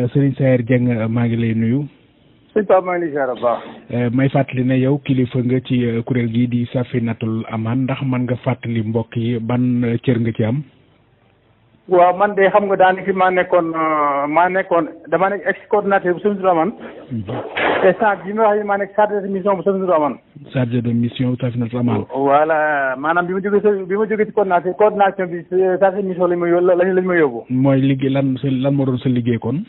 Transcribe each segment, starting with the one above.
Euh, Serigne Saer Dieng euh, maa ngi lay nuyu. sëñ Pape maa ngi euh, may fàttali na yow kilifa nga ci kuréel gii di Safinatul amaan ndax man nga fàttali mbokk yi ban cër nga ci am. waaw man de xam nga daanaka maa nekkoon maa nekkoon dama nekk ex coordinateur bu Safinatul Aman. Mhm. te sànq bi ma wax nii maa nekk chargé de mission bu Safinatul Aman. chargé de maanaam bi ma jógee bi ma jógee ci coordination coordination bi chargé de mission lañ ma yóbbu lañ ma yóbbu. mooy liggéey lan lan moo doon sa liggéey kon.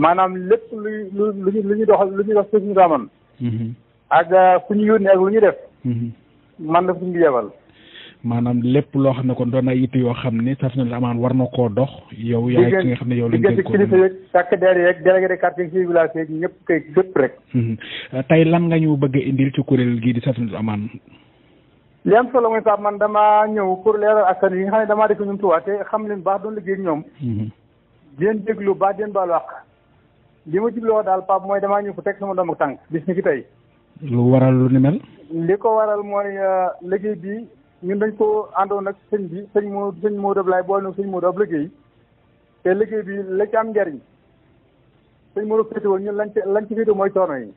maanaam lépp lu lu lu ñu doxal lu ñu dox suñu raaman. Mm-hmm. ak ku euh, ñu yónni ak lu ñu def. Mm-hmm. man la fu ñu yebal. maanaam lépp loo xam ne kon doon na yitt yoo xam ni Safinatoul Amane war na koo dox. yow yaay ki nga xam ne yow lañ dénkoon diggante kilifa yeeg takk der yeeg délégué de quartier ci village yeeg ñëpp kay gëpp rek. Mm-hmm. Euh, tey lan nga ñu bëgg indil ci kuréel gii di Safinatoul Amane. li am solo mooy Pape man damaa ñëw pour leeral askan yi nga xam ne dama def ñun tuwaat te xam leen baax doon liggéey ñoom. di leen déglu baax di leen baalu àq li ma jubloo daal Pape mooy damaa ñëw fu teg sama doom ak tànk bis ni ki tey. lu waral lu ni mel. li ko waral mooy euh, liggéey bi ñun dañ ko àndoon ak sëñ bi sëñ moo sëñ Modou Ablaye boole na sëñ ab liggéey te liggéey bi la ci am njariñ sëñ lañ ci lañ mooy coono yi.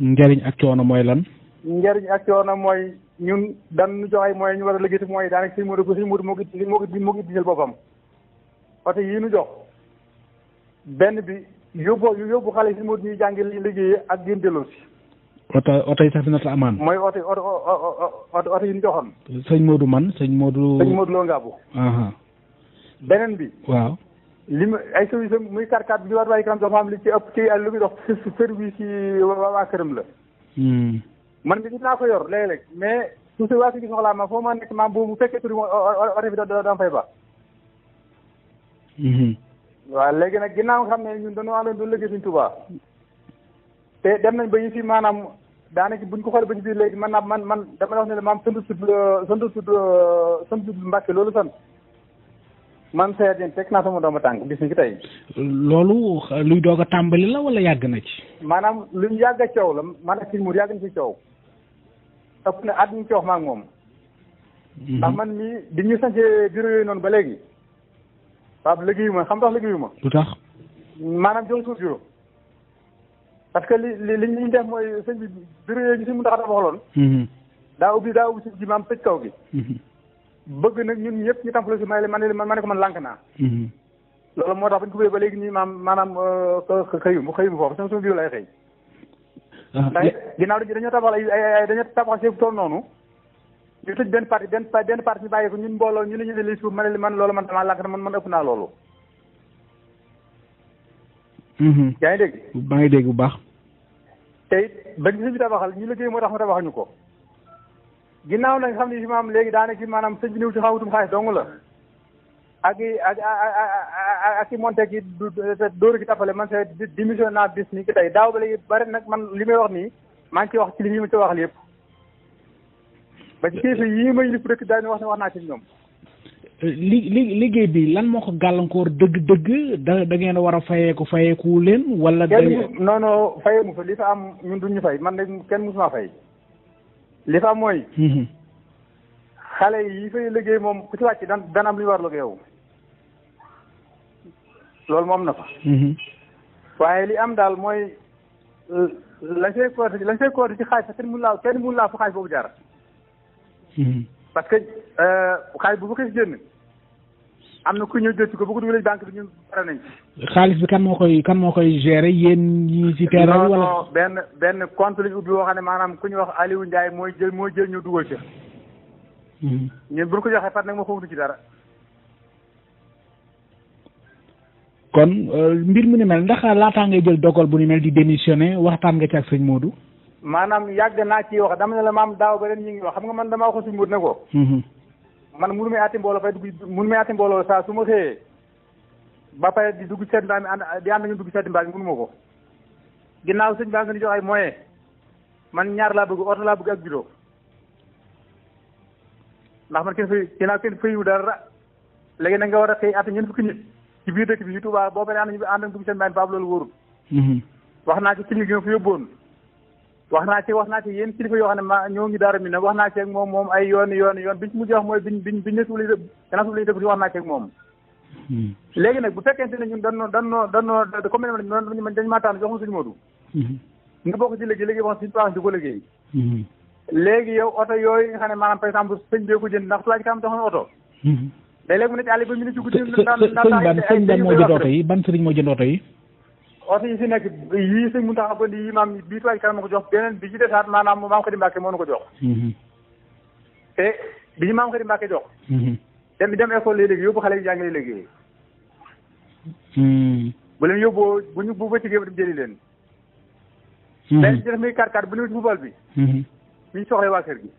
njariñ mooy lan. njariñ ak coono mooy ñun dañu ñu war a mooy daanaka sëñ Modou moo ko moo ko moo ko digal boppam oto yii ñu jox benn bi. yóbbu yóbbu xale si mot ñuy jàngi liggéey ak gën delloo si. oto oto yi sax dina ta amaan. mooy oto oto sëñ Modou man sëñ Modou. sëñ Modou Lo Ngabou. beneen bi. waaw. li mu ay service muy kàr kàr bi war waaye kanam dafa am li ci ëpp muy dox service yi waa la. Hmm. man bi dinaa ko yor léeg-léeg mais su si si soxlaa ma foo ma nekk maam bu fekkee tur bi oto bi da da fay ba. Hmm. waaw léegi nag ginnaaw xam ne ñun dañoo àndoon doon liggéey Sëriñ Tuubaa te dem nañ ba yi fi maanaam daanaka buñ ko xoolee ba ci biir léegi man na man man dama la wax ne maam santu tudd santu tudd loolu sant man Saer Dieng teg naa sama doomu tànk bis ni ki tey. loolu luy doog a tàmbali la wala yàgg na ci. maanaam luñ yàgg a coow la maanaam kii mu yàgg na ci coow ëpp na at ñu coow ma ak moom. Mhm. ndax man mii bi ñu sancee bureau yooyu noonu ba léegi. Pape liggéeyu ma xam tax liggéeyu ma. lu tax. maanaam jëm que li li li ñu def mooy sëñ bi bureau yooyu si mu tax a waxaloon. Mhm. daa ubbi daa ubbi ji maam tëj kaw gi. Mhm. bëgg nag ñun ñëpp ñu tàmpale si may man man ma ne ko man lànk naa. Mhm. loolu moo tax bu ñu ko bëggee ba léegi nii maam maanaam euh, xëyu mu xëyu mu foofu sama suñu biir lay xëy. Ah, ndax ginnaaw dañoo tabax ay ay dañoo tabax si tool noonu. ñu tëj benn parti benn benn parti ñu bàyyi ko ñun mbooloo ñu ne lii suuf ma ne li man loolu man damaa lànk man man ëpp naa loolu. Mhm. yaa ngi dégg. maa ngi dégg bu te it ba ñu tabaxal ñu liggéey moo tax mu ko. ginnaaw nag xam ne si maam léegi daanaka maanaam sëñ bi ñëw ci xawutum xaalis dong la. i ak ki dóor ki tapale man sa démission naa bis ni ki tey daaw bari nag man li may wax nii maa ngi ciy wax ci li ñu ma ci waxal yëpp. ba ci kilifa yii ma yilif dëkk daañu wax ne wax naa ci ñoom. li li liggéey bi lan moo ko gàllankoor dëgg-dëgg da da war a fayeeku fayeeku leen. wala da non fayee mu fa li fa am ñun duñu fay man kenn musuma fay. li am mooy. Mhm. xale yi fay liggéey moom ku ci wàcc dan dana am lu ñu war a yow loolu moom na fa. Mhm. waaye li am daal mooy euh, lañ see kóorti lañ see kóorti ci xaaj sax kenn mënu laa kenn mënu laa fu xaaj boobu jaar. Mm-hmm. parce que euh, xaalis bu fa xëy génn am na ku ñëw jël ci ko bu ko dugalee banque bi ñun pare nañ xaalis bi kan moo koy kan moo koy gérer yéen ñi ci teeral. wala benn benn compte ubbi woo xam maanaam ku ñu wax Aliou Ndiaye mooy jël mooy jël ñu dugal ci. Mm-hmm. ñun bu ñu ko joxee far nag ma xamuñu ci dara. kon euh, mbir mu ni mel ndax laataa ngay jël dogal bu ni mel di démissionné waxtaan nga ci ak sëñ Modou. maanaam yàgg naa ci wax dama la maam daaw ba ren ñu ngi wax xam nga man damaa waxoon suñu mbir ne ko. Mhm. man munu may àtti mbooloo fay dugg munu may àtti mbooloo saa su ma xëyee ba pare di dugg seeti mbaam mi ànd di ànd ñu dugg seeti mbaam mi munu ma ko. ginnaaw sëñ baa nga ni jox ay moyen man ñaar laa bëgg oto laa bëgg ak judo ndax man kenn fay ginnaaw kenn fayu dara léegi nag nga war a xëy àtte ñeent fukki nit ci biir dëkk bi yu Tuubaa boo paree ànd ñu ànd dugg seen mbaam mhm. wax naa ci clinique yi ma wax naa ci wax na ci yéen kilifa yoo xam ne ma ñoo ngi daara mi wax naa ci ak moom moom ay yoon yoon yoon biñ ci mujj wax mooy biñ biñ biñ ne suul gannaaw suul def wax naa ci ak moom hmm. léegi nag bu fekkente ne ñun danoo danoo danoo comme ne dañ maa tànn jox ma suñu moodu hmm. nga bokk ci liggéey liggéey boo xam ne ko liggéey hmm. léegi yow oto yooyu nga xam ne maanaam par exemple sëñ bee ko jënd ndax tulaaj kaam jox na oto léeg-léeg mu ne ci àll ba mu ne ci guddi sëñ oto yi oto yi fi nekk yii sëñ Mountakha ba di imaam bii tubaab kanam ma ko jox beneen bi ci desaat maanaam maam Xadim Mbàkke moo nu ko jox mhm. te bi ñu maam Xadim Mbàkke jox mhm. dem dem école lay liggéey yóbbu xale yi jàng lay liggéey mhm. bu leen yóbboo bu ñu bu bëccëgee ba dem jëli leen dañ def muy kar kar bu ñu fubal bi ñu soxla waa kër gi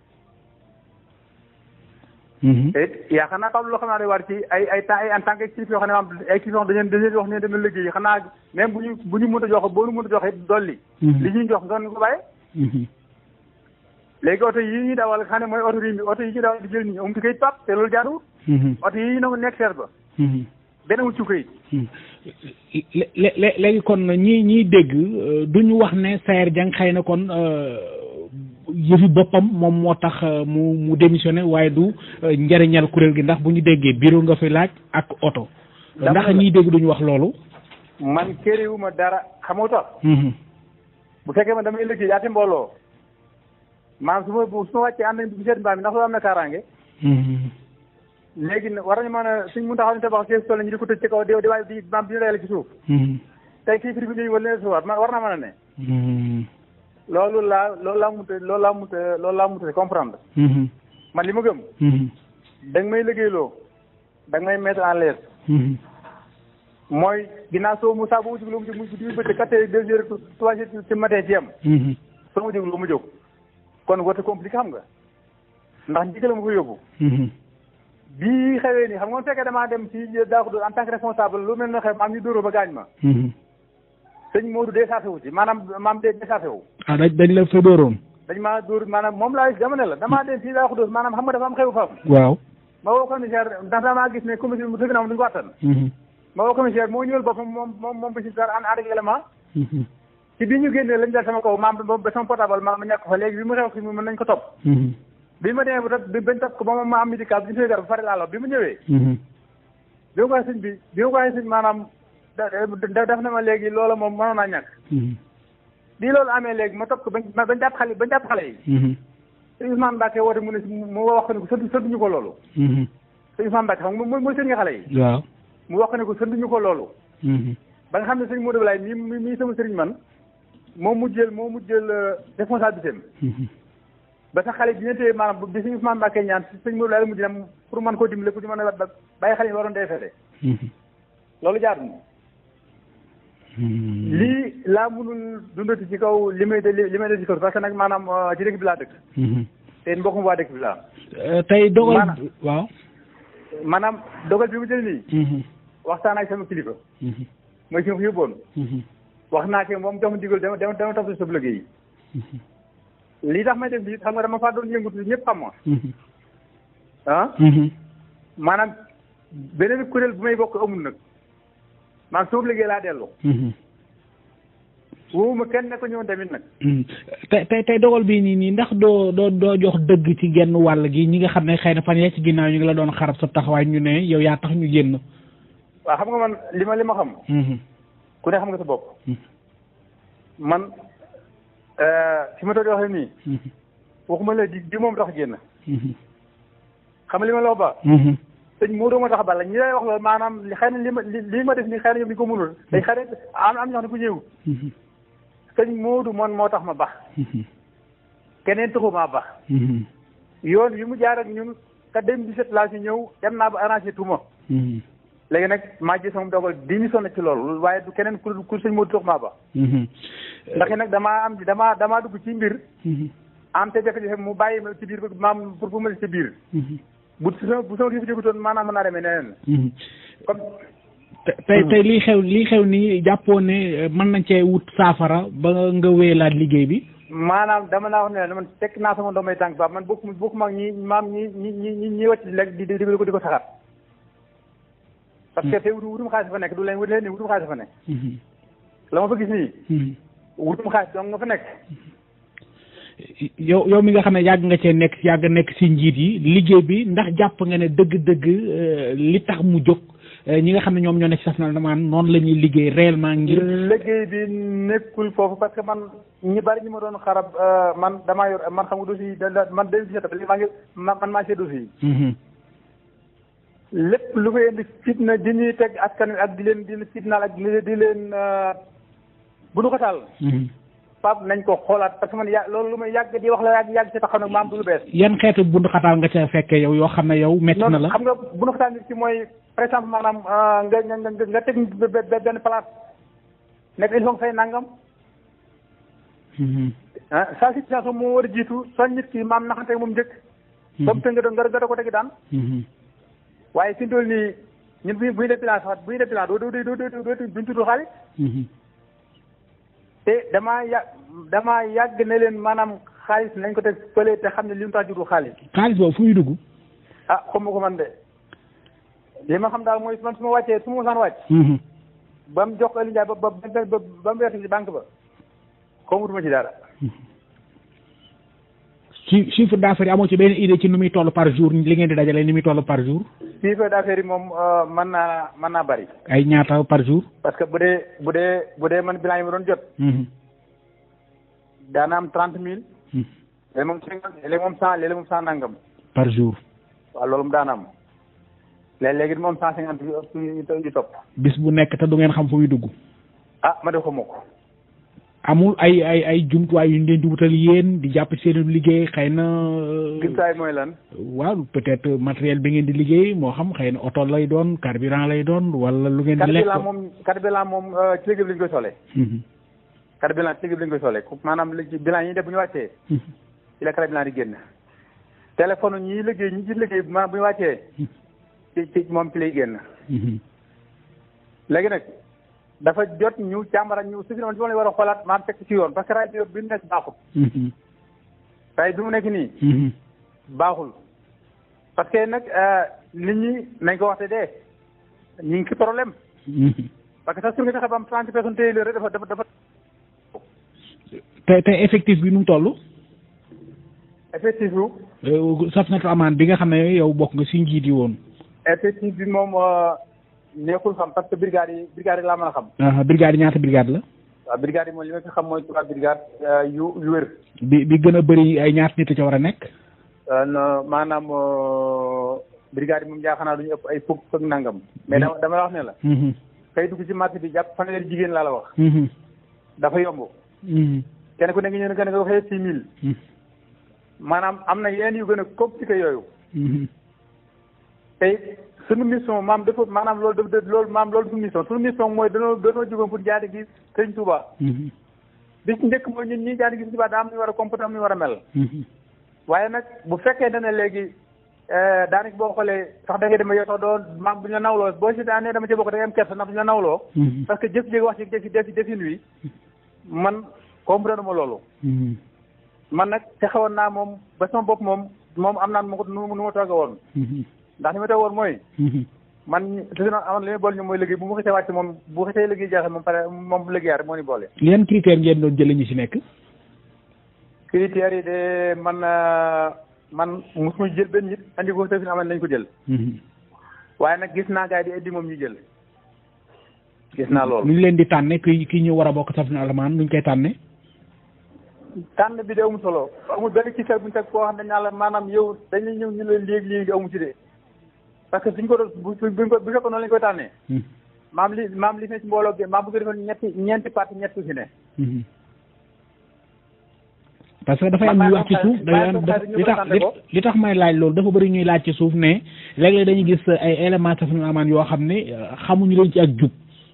te mm-hmm. it yaa xanaa xam loo xam naa day war ci ay ay temps ay en tant que actif yoo xam ne maam ay actif yoo xam dañeen dañeen wax ne dama liggéey xanaa même bu ñu bu ñu mënta jox boo ñu mënta jox it dolli mm-hmm. li ñuy jox doon ko bàyyee mm-hmm. léegi oto yi ñuy dawal xam ne mooy oto rim bi oto yi ñuy dawal di jël nii amu ci kayit pap te loolu jaaduwut oto yi ñu nekk seer ba benn wut ci kayit léegi kon ñi ñiy dégg euh, duñu wax ne Saer Dieng xëy na kon euh, yëfi boppam moom moo tax euh, mu mu démissionné waaye du euh, njariñal kuréel gi ndax bu ñu déggee bureau nga fi laaj ak oto ndax ñiy dégg duñu wax loolu man këriwuma dara xamoo tax mm-hmm. bu fekkee ma damay liggéey yaati mbooloo maanaam su ma su ma wàccee ànd nañ bu seet mbaam mi ndax loolu na kaaraange mm-hmm. léegi war nañu a suñ mun taxaw a tabax seen tool ñu di ko ci kaw di waay di maam bi ñu dajale ci suuf mm-hmm. tey kii prix bi ñuy wala leen suwaat man war na mën a ne loolu laa loolu la mënut a loolu laa mënut a loolu laa mënut a comprendre. Mhm. man li ma gëm. Mhm. da nga may liggéeyloo da nga may mettre en l'aise. Mhm. mooy ginnaaw soo mu saa boo ma jóg loo ma jóg mu jóg ba te quatre heures deux heures trois heures ci matin ci yam. soo ma jóg loo ma jóg kon woote compliqué xam nga ndax ndigal ma ko yóbbu. bii xewee nii xam nga bu fekkee dem ci daa ko en tant mel ne xew ma am gaañ ma. sëñ Modou déchargé wu ci maanaam maam de déchargé wu. ah dañ dañ la fa dóoroon. dañ maa dóor maanaam moom laa dama ne la damaa mm. dem fii laa ko dóor maanaam xam nga dafa am xew faafu. waaw. ma woo commissaire ndax gis ne commissaire mu dëgg naa moom du ñu ko mm-hmm. ma woo commissaire moo ñëwal boppam moom moom moom bi si dara ànd ak élément. Mm-hmm. ci bi ma ñàkk fa léegi bi mu xew fi mu mën nañ ko topp. Mm-hmm. bi ma demee bi ma am médical bi bi ma ko waxee bi bi ma ko waxee sëñ da def na ma léegi loola moom mënoon naa ñàkk. Mm-hmm. bi loolu amee léegi ma topp ko ba bañ jàpp xale bañ jàpp xale yi. te mm-hmm. Ousmane Mbacke woote mu ne mu wax ko ne ko sëdd ñu ko loolu. te mm-hmm. Ousmane Mbacke xam nga mooy mooy sëñ nga xale yi. waaw mu wax ko ne ko ñu ko loolu. ba nga xam ne sëñ Modou Blay mi mi sama sëriñ man moo mu jël moo mu jël euh, responsabilité am. ba sax xale bi ñu tee maanaam bi sëñ Ousmane Mbacke ñaan sëñ Modou Blay la mujj dem pour mën ko dimbale pour ñu mën a bàyyi xale yi waroon dee fete. loolu jaar na. Hmm. lii laa mënul dundati ci kaw li may li may def ci kaw parce que nag maanaam euh, ci dëkk bi laa dëkk. Hmm. te mbokkum waa dëkk bi euh, dogal waaw. maanaam dogal bi mu jël nii. Hmm. waxtaan ak sama kilifa. mooy fi ma ko yóbboon. wax naa ke moom jox ma digal dama dama dama topp sa liggéey yi. lii tax may def lii xam nga dama faa doon yëngatu ñëpp xam ma. ah. maanaam kuréel bu may bokk amul nag. maa ngi soobu liggéey laa dellu. Mm-hmm. wóobuma kenn ne ko ñëw tamit nag. Mm-hmm. tey tey tey dogal bii nii nii ndax doo doo doo jox dëgg ci genn wàll gi ñi nga xam ne xëy na fan yee ci ginnaaw ñu ngi la doon xarab sa taxawaay ñu ne yow yaa tax ñu génn. waaw xam nga man li ma li ma xam. Mm-hmm. ku ne xam nga sa bopp. man euh, fi ma doon waxee nii. waxuma la di di moom tax génn. xam nga li ba. sëñ Modou moo tax bala ñu lay wax loolu maanaam li xëy na li ma li ma def nii xëy na ñoom ñu ko mënul. Mm-hmm. day xëy na am am ku ñëw. Mm-hmm. sëñ Modou man moo tax ma baax. Mm-hmm. keneen taxu maa baax. yoon yu mu jaar ak ñun te dem bi set laa si ñëw dem naa ba arrangé tuuma. léegi nag maa gis moom dogal démission na ci loolu waaye du keneen ku ku sëñ Modou taxu maa baax. ndax nag damaa am damaa damaa dugg ci mbir. am te jafe-jafe mu bàyyi ma ci biir maam pour fu ma ci biir. bu sama bu sama kii bu jógutoon maanaam mën naa demee neneen. comme. Mhm. tey tey liy xew lii xew nii jàppoo ne eh, mën nañ cee wut saafara ba nga wéyalaat liggéey bi. maanaam dama naa wax ne man tekk naa sama ndombay tànk ba man bokkuma bokkuma ak ñi maam ñi ñi ñi ñi wàcc di lekk di di ko di ko saxaat. parce que mhm. tey wutum xaalis fa nekk du leen wut leen ni wutum xaalis fa mhm. la ma fa gis nii. wutum xaalis dong nga fa nekk. yow yow mi nga xam ne yàgg nga cee nekk yàgg nekk si njiit yi liggéey bi ndax jàpp nga ne dëgg-dëgg euh, li tax mu jóg euh, ñi nga xam ne ñoom ñoo nekk si na damaan noonu la ñuy liggéey réellement ngir. liggéey bi nekkul foofu parce que man ñi bari ñi ma doon xarab euh, man damaa yor man xam nga dossier yi man day mm-hmm. lépp lu koy indi fitna di ñuy teg askan wi ak di leen di fitnaal ak di leen bu nu ko taal. Mm-hmm. Pape nañ ko xoolaat parce que man ya loolu lu may yàgg di wax la yàgg yàgg ci taxaw nag maam du lu bees. yan xeetu bundu nga ca fekkee yow yoo xam ne yow. métti na la xam nga bundu xataal nit ki mooy par exemple maanaam nga nga nga teg benn place nekk il faut say nangam. ah saa situation moo war a jiitu soo nit ki maam naxante moom njëkk. ba mu tënk nga nga ko tegi daan. waaye fi mu toll nii ñun bu ñu bu ñu def bilan sax bu ñu def bilan doo doo doo doo doo te damaa yà damaa yàgg ne leen maanaam xaalis nañ ko teg fële te xam ne li mu tax jurul xaalis. xaalis boobu fu muy dugg. ah xam nga ko man de li ma xam daal mooy man su ma wàccee su ma mosaan wàcc. Mm-hmm. ba mu jox Aliou Ndiaye ba ba ba ba mu weesu ci banque ba xamutuma ci dara. Mm-hmm. ci chiffre d'affaires amoo ci benn idée ci nu muy toll par jour li ngeen di dajale ni muy toll par jour. chiffre d'affaires yi moom euh, mën naa man naa bari. ay ñaata par jour. parce que bu dee bu dee bu dee man bilan yi ma doon jot. Mhm. daanaam am trente mille. Mhm. léegi moom cinquante léegi moom cent léegi moom cent nangam. par jour. waaw loolu mu daana léegi moom cent cinquante yu topp. bis bu nekk te du ngeen xam fu muy dugg. ah ma def ko amul ay ay ay jumtuwaay yu ñu leen di wutal yéen di jàpp seen liggéey xëy na. jumtuwaay euh, mooy lan. waaw peut-être matériel bi ngeen di liggéey moo xam xëy na oto lay doon carburant lay doon wala lu ngeen. di lekk carburant moom carburant moom euh, ci liggéey bi lañ koy solee. Mhm. carburant ci lañ koy solee maanaam li ci ñu def bu ñu wàccee. Mhm. ci la carburant di génn. liggéey ñi ci liggéey wàccee. Mhm. moom ci lay génn. léegi nag. dafa jot ñu càmbara ñu su fi noonu ci moom war a xoolaat maam fekk ci yoon parce que raay bi bi mu nekk baaxul. Mhm. nekk nii. Mhm. baaxul parce que nag li euh, ñi nañ ko waxte dee ñu ngi ci problème. Mhm. parce que sax su nga tax ba am trente personnes téye léegi dafa dafa dafa. te te effectif bi nu mu toll. effectif bu. Euh, saf na amaan bi nga xam ne yow bokk nga si njiit yi woon. effectif bi moom. Euh, neexul xam parce que brigade laa mën a xam. Ah, ah, brigade yi ñaata brigade la. waaw brigade yi moom li ma fi xam mooy trois brigade euh, yu yu wér. bi bi gën a bëri ay ñaata nit a ca war a nekk. Euh, maanaam euh, brigade yi moom jaaxal naa du ëpp ay fukk ak nangam. mais hmm. dama dama la wax la. Hmm. kay dugg ci marché bi jàpp fanweeri jigéen laa wax. Hmm. dafa yomb. kenn ku nekk ñëw na kenn ku waxee six mille. maanaam am na yenn yu gën a compliqué yooyu. tey suñu mission maam dafa maanaam loolu dafa loolu maam loolu suñu mission suñu mission mooy danoo danoo jógoon pour jaari gis sëñ njëkk mooy ñun ñii gis sëñ Touba daa am ñu war a comporter am ñu war a mel waaye nag bu fekkee dana léegi daanaka boo xoolee sax da ngay demee yow sax doo maam bu ñu la nawloo boo si daanee dama ci bokk da ngay am kersa ndax bu ñu nawloo parce que jëf jéegi wax ci defi defi defin wi man comprendre ma loolu man nag te xawoon naa moom ba sama moom moom am naan ma ko nu ma toogee woon ndax ñu ma teewoon mooy mhm. man toujours amoon li muy boole ñu mooy liggéey bu ma xasee wàcc moom bu xasee liggéey jeexee moom pare moom liggéey rek moo ni boole yan critère ngeen doon jëlee ñu si nekk critères yi de man euh, man mosuma jël benn nit andi ko sëfin amal ko jël mhm. waaye nag gis naa gars di moom ñu jël gis naa loolu nu ñu leen di tànne ki ki ñu war a bokk safin alamaan nu ñu koy tànne tànn bi de amul solo amul benn critère bu ñu teg koo xam ne dañ naa la maanaam yow dañuy ñëw ñu leen léegi léegi amu ci de parce que buñ ko buñ ko bu fekkoon noonu lañ koy tànnee. Hmm. maam li maam li ne hmm. ci que dafay am na wax ci suuf da tax li laaj loolu dafa bëri ñuy laaj ci suuf ne léeg gis ay éléments safaanul amaan yoo xam ne euh, xamuñu leen ci ak jub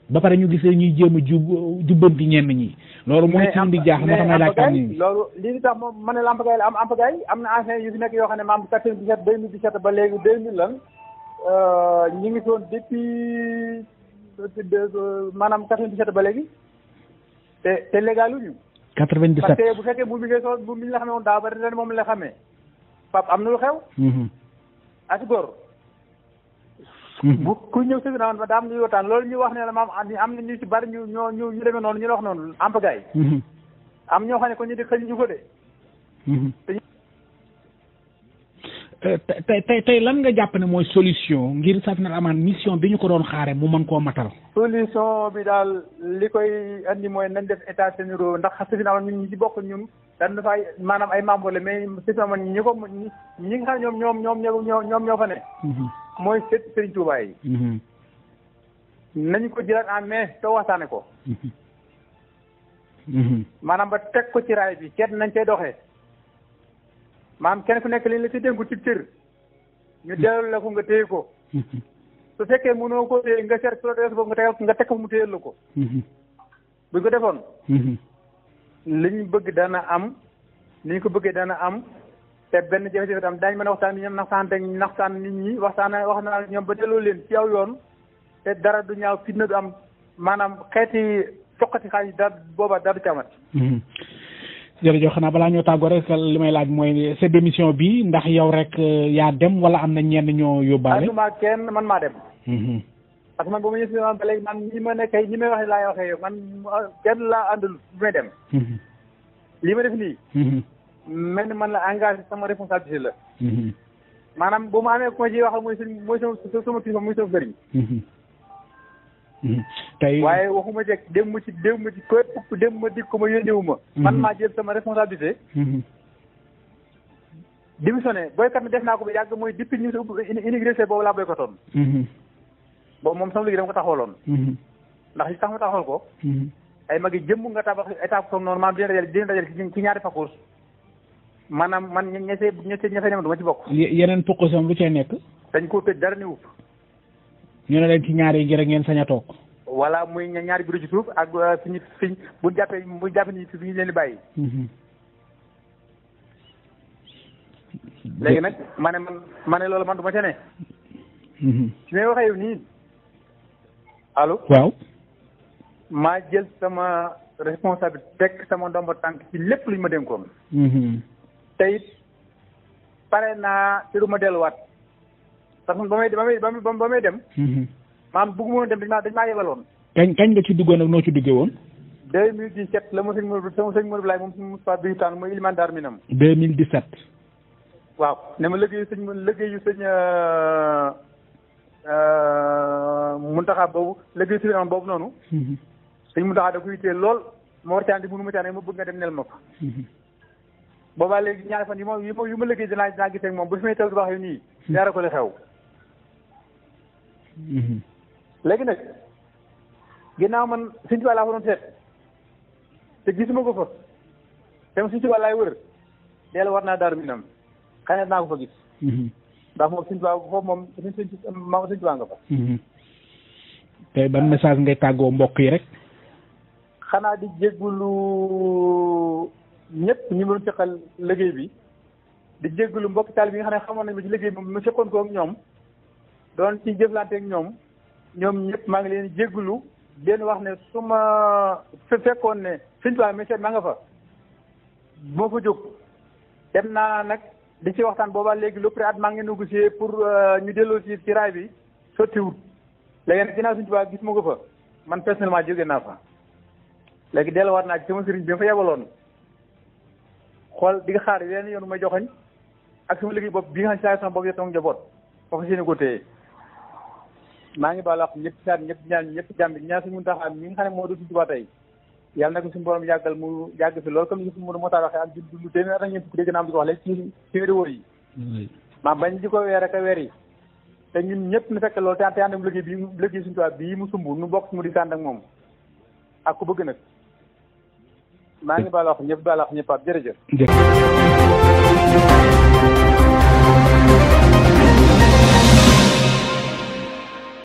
ba pare ñu gisee ñuy jéem a jub jubbanti ñenn ñi. loolu mooy ci di jaax moo tax may laaj tam ñi loolu li li tax moom ne lampagaay la am na ancien yoo xam ne maam 97 2017 ba léegi 2000 lan Euh, ñu ngi soon depuis maanaam 97 ba te te légal lu ñu. 97 parce que bu fekkee bu mi ngi soon bu mi la xamee woon daaw ba ren moom la xamee Pape am na lu xew. Mm-hmm. as góor. Mm-hmm. bu ku ñëw si ginnaaw daa am lu ñu waxtaan loolu ñuy wax ne la maam am na ñu ci bari ñu ñoo ñu ñu demee noonu ñu la wax noonu am pagaay. Mm-hmm. am ñoo xam ne ko ñu di ko de. tey tey tey lan nga jàpp ne mooy solution ngir Safinatul Amaan mission bi ñu ko doon xaare mu mën koo matal. solution bi daal li koy andi mooy nañ def état généraux ndax Safinatul Amaan ñu ñi ci bokk ñun dañ dafa ay maanaam ay membres la mais Safinatul Amaan ñi ñi nga xam ñoom ñoom ñoom ñoo ñoom ñoo fa ne. Mm-hmm. mooy seet Serigne Touba yi. Mm-hmm. nañ ko jëlaat en main te waxtaane ko. Mm-hmm. maanaam ba teg ko ci raay bi seet nañ cay doxee. maam kenn ku nekk liñ la ci dénku ci cër ñu delloo la ko nga téye ko su fekkee mënoo ko téye nga seet protéger boobu nga tegal nga teg ko mu téyel la ko buñ ko defoon liñ bëgg dana am ni ñu ko bëggee dana am te benn jafe-jafe tam daañu mën a waxtaan bi ñoom naxtaan dañ naxtaan nit ñi waxtaan wax naa ñoom ba delloo leen ci aw yoon te dara du ñaaw fitna du am maanaam xeeti foqati xaalis da booba dara du ci amat jërëjëf xanaa balaa ñoo tàggoo rek li may laaj mooy sa démission bi ndax yow rek euh, yaa dem wala am na ñenn ñoo yóbbaale. maa kenn man maa dem. Mhm. parce man bu ma ñëwee ba léegi man ñi ma nekkee ñi may wax laa waxee man kenn laa àndul dem. Mhm. li ma def nii. Mhm. mel ni man la engagé sama responsabilité la. maanaam bu ma amee ku ma ciy wax mooy seen mooy sama sama kilifa muy sama Mhm. tey waaye waxuma jekk dem ma ci dem ma ci képp dem ma ko ma yónneewu ma. Mhm. man maa jël sama responsabilité. Mhm. démissionné boycott mi def naa ko ba yàgg mooy depuis ñu unigressé boobu laa boycottoon. boobu moom sama liggéey dama ko taxawaloon. ndax li tax ma taxawal ko. ay magi jëmm nga tabax état ko noonu maanaam dina dajal dina dajal ci ñaari parcours. maanaam man ña ña see ña see ña see ne ma du ci bokk. yeneen puq sam lu cee nekk. dañ koo tëj dara ni wupp ñoo ne leen ci ñaari yi rek ngeen sañ a toog. voilà muy ñaari bureau ci suuf ak suñu euh, suñ bu ñu jàppee bu ñu jàppee fi ñu leen di bàyyi. léegi nag ma ne ma ne loolu man du ma ca ne. su may waxee yow nii allo. waaw. maa jël sama responsable teg sama ndombo tànk ci lépp luñ ma dénkoon. Mhm. te it pare naa te du ma delluwaat. sax man ba may ba may ba may dem. maanaam mm-hmm. bëgguma woon dem dañ maa dañ maa yebaloon. kañ kañ nga ci duggoon ak noo ci duggee woon. 2017 la ma sëñ Modou sama sëñ Modou Laye moom si Moussa Bioutaan mooy Iliman Dar Minam. 2017. waaw ne ma liggéeyu sëñ liggéeyu sëñ euh, euh, Muntaxa boobu liggéeyu sëñ boobu noonu. Mm-hmm. sëñ Muntaxa da ko yittee lool ma war caa ne mënu ma caa ne ma bëgg nga dem nel ma ko. Mm-hmm. boobaa léegi ñaari fan yi ma yu ma liggéey dinaa dinaa gisee ak moom bu fi may taw di wax yu nii. dara ko li xew. Mhm. léegi nag ginnaaw man Sëñ Tuubaa laa fa doon seet te gisuma ko fa te ma Sëñ laay wër deel war naa daaru minam xëy naa ko fa gis mhm. ndax moom Sëñ moom suñ sëñ maam Sëñ Tuubaa nga fa mhm. tey ban message ngay tàggoo mbokk yi rek xanaa di jéggulu ñëpp ñu doon seqal liggéey bi di jéggulu mbokk taal bi nga xam ne xamoon nañ ma ci liggéey bi mu seqoon ko ak ñoom doon ci jëflanteeg ñoom ñoom ñëpp maa ngi leen jégglu leen wax ne su ma fekkoon ne suñ tubaab monsieur ma nga fa moo fa jóg dem naa nag di ci waxtaan booba léegi lu pré at maa ngi négocier pour euh, ñu delloo si ci raay bi sottiwut léegi nag ginnaaw suñ tubaab gis ma ko fa man maa jóge naa fa léegi delluwaat naa ci sama sëriñ bi ma fa yebaloon xool di nga xaar yeneen yoon may joxoñ ak sama liggéey bopp bi nga xam ne saa sama bopp yottam njaboot ma maa ngi baal wax ñëpp saat ñëpp ñaan ñëpp jàmm bi ñaan suñu Muntaxa mi nga xam ne moo dootu juba tey yàlla na ko suñu borom yàggal mu yàgg fi loolu comme ni ko suñu moo tax waxee ak jud lu téeméer ak ko wax léegi ci ci wéri wóor yi maa bañ a weer yi te ñun ñëpp na bi liggéey suñu bii mu sumb nu bokk mu di ànd ak moom ak ku bëgg nag maa ngi baal wax ñëpp baal wax ñëpp ab jërëjëf